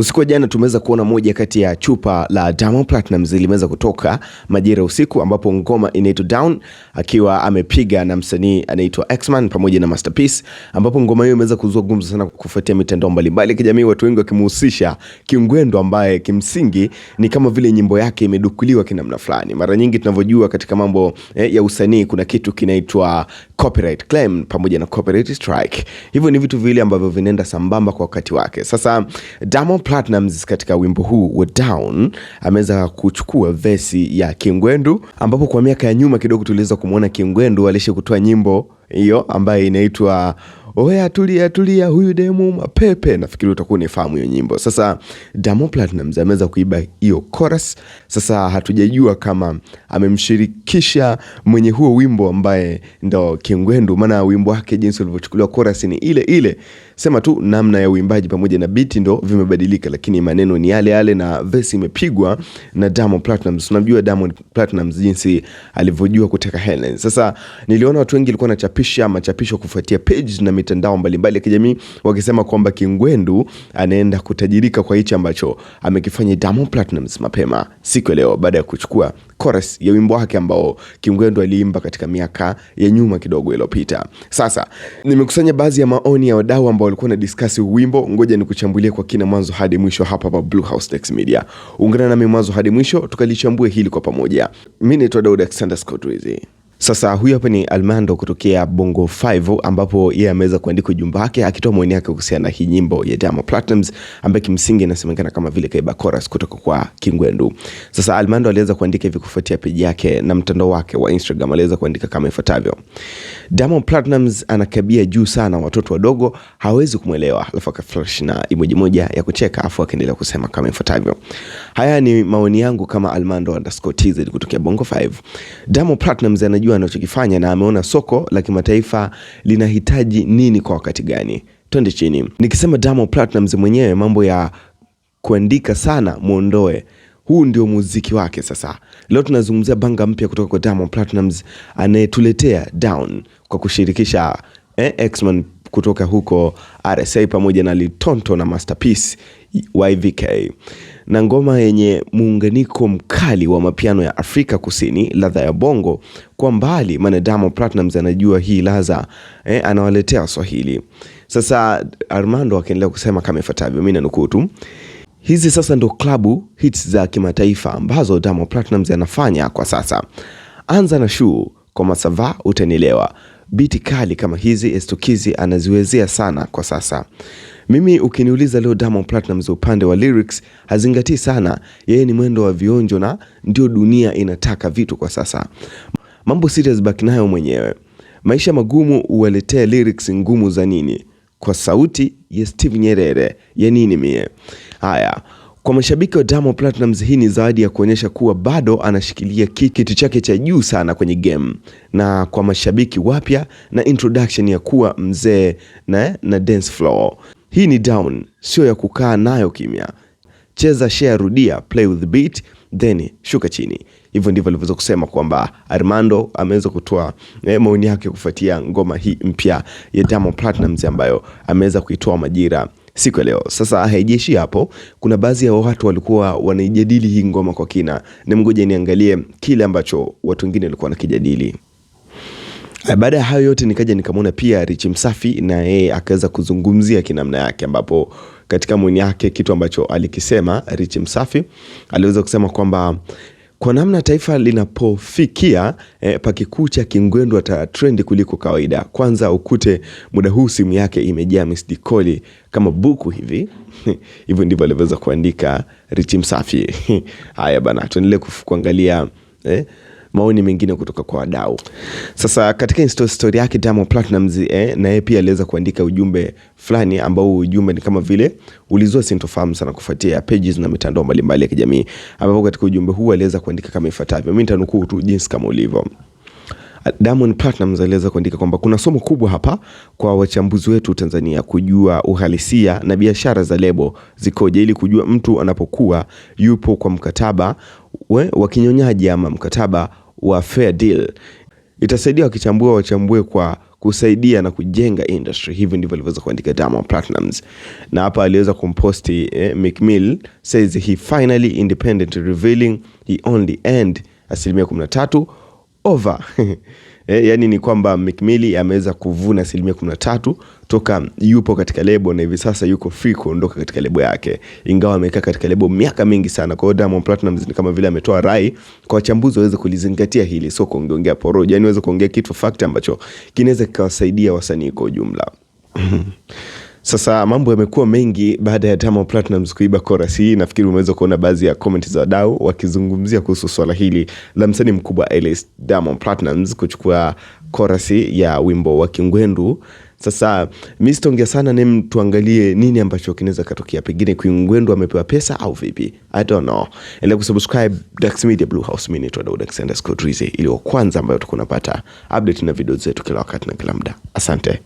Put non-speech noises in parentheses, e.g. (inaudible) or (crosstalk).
Usiku wa jana tumeweza kuona moja kati ya chupa la Diamond Platnumz limeweza kutoka majira usiku, ambapo ngoma inaitwa Down akiwa amepiga na msanii anaitwa Xman pamoja na Masterpiece, ambapo ngoma hiyo imeweza kuzua gumzo sana kufuatia mitandao mbalimbali ya kijamii, watu wengi wakimhusisha Kingwendu ambaye kimsingi ni kama vile nyimbo yake imedukuliwa kinamna fulani. Mara nyingi tunavyojua katika mambo eh, ya usanii kuna kitu kinaitwa copyright claim pamoja na copyright strike. Hivyo ni vitu viwili ambavyo vinaenda sambamba kwa wakati wake. Sasa Diamond Platnumz katika wimbo huu wa Down ameweza kuchukua vesi ya Kingwendu, ambapo kwa miaka ya nyuma kidogo tuliweza kumwona Kingwendu alisha kutoa nyimbo hiyo ambayo inaitwa oe atulia atulia, huyu demu mapepe. Nafikiri utakuwa unifahamu hiyo nyimbo. Sasa Diamond Platnumz ameweza kuiba hiyo chorus. Sasa hatujajua kama amemshirikisha mwenye huo wimbo ambaye ndo Kingwendu, maana wimbo wake jinsi ulivyochukuliwa chorus ni ile ile, sema tu namna ya uimbaji pamoja na beat ndo vimebadilika, lakini maneno ni yale yale na verse imepigwa na Diamond Platnumz. Tunamjua Diamond Platnumz jinsi alivyojua kuteka Helen. Sasa niliona watu wengi walikuwa wanachapisha machapisho kufuatia page na mitandao mbalimbali ya kijamii wakisema kwamba Kingwendu anaenda kutajirika kwa hichi ambacho amekifanya Diamond Platnumz mapema siku ya leo baada ya kuchukua chorus ya wimbo wake ambao Kingwendu aliimba katika miaka ya nyuma kidogo iliyopita. Sasa nimekusanya baadhi ya maoni ya wadau ambao walikuwa na discuss wimbo, ngoja nikuchambulie kwa kina mwanzo hadi mwisho hapa hapa Blue House Dax Media. Ungana nami mwanzo hadi mwisho tukalichambue hili kwa pamoja. Mimi ni Todd Alexander Scott Wizi. Sasa huyu hapa ni Almando kutokea Bongo 5 ambapo yeye ameweza kuandika ujumbe wake akitoa maoni yake kuhusiana na hii nyimbo ya Diamond Platnumz ambayo kimsingi inasemekana kama vile kaiba chorus kutoka kwa Kingwendu. Sasa Almando aliweza kuandika hivi kufuatia peji yake na mtandao wake wa Instagram, aliweza kuandika kama ifuatavyo: Diamond Platnumz anakabia juu sana, watoto wadogo hawezi kumwelewa. Alafu akaflash na emoji moja ya kucheka, afu akaendelea kusema kama ifuatavyo: haya ni maoni yangu kama Almando_tz kutokea Bongo 5. Diamond Platnumz anajua anajua anachokifanya na ameona soko la kimataifa linahitaji nini kwa wakati gani. Twende chini. Nikisema Diamond Platnumz mwenyewe mambo ya kuandika sana muondoe. Huu ndio muziki wake sasa. Leo tunazungumzia banga mpya kutoka kwa Diamond Platnumz anayetuletea Down kwa kushirikisha eh, X-Man kutoka huko RSA pamoja na Litonto na Masterpiece YVK na ngoma yenye muunganiko mkali wa mapiano ya Afrika Kusini, ladha ya bongo kwa mbali. Maana Diamond Platnumz anajua hii ladha eh, anawaletea Swahili. Sasa Armando akaendelea kusema kama ifuatavyo, mimi nanukuu tu Hizi sasa ndo klabu hits za kimataifa ambazo Diamond Platnumz anafanya kwa sasa. Anza na shuu kwa masava, utanielewa. Biti kali kama hizi Estukizi anaziwezea sana kwa sasa. Mimi ukiniuliza leo Diamond Platnumz upande wa lyrics hazingatii sana, yeye ni mwendo wa vionjo na ndio dunia inataka vitu kwa sasa. Mambo serious baki nayo mwenyewe. Maisha magumu uwaletea lyrics ngumu za nini? Kwa sauti ya Steve Nyerere ya nini mie? Haya, kwa mashabiki wa Diamond Platnumz, hii ni zawadi ya kuonyesha kuwa bado anashikilia kitu chake cha juu sana kwenye game, na kwa mashabiki wapya na introduction ya kuwa mzee na, na dance floor. Hii ni down, sio ya kukaa nayo kimya. Cheza, share, rudia, play with the beat then shuka chini. Hivyo ndivyo alivyoweza kusema kwamba Armando ameweza kutoa eh, maoni yake kufuatia ngoma hii mpya ya Diamond Platnumz ambayo ameweza kuitoa majira siku ya leo. Sasa haijeshi hapo, kuna baadhi ya watu walikuwa wanaijadili hii ngoma kwa kina, na mgoja niangalie kile ambacho watu wengine walikuwa wanakijadili. Eh, baada ya hayo yote nikaja nikamwona pia Rich Msafi na yeye akaweza kuzungumzia kinamna yake, ambapo katika mwini yake kitu ambacho alikisema Rich Msafi aliweza kusema kwamba kwa namna taifa linapofikia eh, pakikucha Kingwendu ata trendi kuliko kawaida. Kwanza ukute muda huu simu yake imejaa missed call kama buku hivi (laughs) hivyo ndivyo alivyoweza kuandika Rich Msafi. (laughs) Haya bana, tuendelee kuangalia eh, maoni mengine kutoka kwa wadau. Sasa katika insta story yake Diamond Platnumz eh, na yeye pia aliweza kuandika ujumbe fulani ambao ujumbe ni kama vile ulizua sintofahamu sana kufuatia pages na mitandao mbalimbali ya kijamii, ambapo katika ujumbe huu aliweza kuandika kama ifuatavyo. Mimi nitanukuu tu jinsi kama ulivyo. Diamond Platnumz aliweza kuandika kwamba kuna somo kubwa hapa kwa wachambuzi wetu Tanzania kujua uhalisia na biashara za lebo zikoje, ili kujua mtu anapokuwa yupo kwa mkataba we, wakinyonyaji ama mkataba wa fair deal. Itasaidia wakichambua wachambue kwa kusaidia na kujenga industry. Hivi ndivyo alivyoweza kuandika Diamond Platnumz, na hapa aliweza kumposti eh, Meek Mill says he finally independent revealing he only earned asilimia 13 over (laughs) E, yani ni kwamba McMilli ameweza kuvuna asilimia 13 toka yupo katika lebo na hivi sasa yuko free kuondoka katika lebo yake, ingawa amekaa katika lebo miaka mingi sana. Kwa hiyo Diamond Platnumz ni kama vile ametoa rai kwa wachambuzi waweze kulizingatia hili, sio kuongeongea poroja yani waweze kuongea kitu fact ambacho kinaweza kikawasaidia wasanii kwa ujumla (clears throat) Sasa mambo yamekuwa mengi baada ya Diamond Platnumz kuiba chorus hii. Nafikiri umeweza kuona baadhi ya comment za wadau wakizungumzia kuhusu swala hili la msanii mkubwa Alice Diamond Platnumz kuchukua chorus ya wimbo wa Kingwendu. Sasa mimi sitaongea sana, ni tuangalie nini ambacho kinaweza katokea. Pengine Kingwendu amepewa pesa au vipi? I don't know. Endelea kusubscribe Dax Media Blue House, mimi ni Dax_Trize ili wa kwanza ambayo tukunapata update na video zetu kila wakati na kila muda. Asante.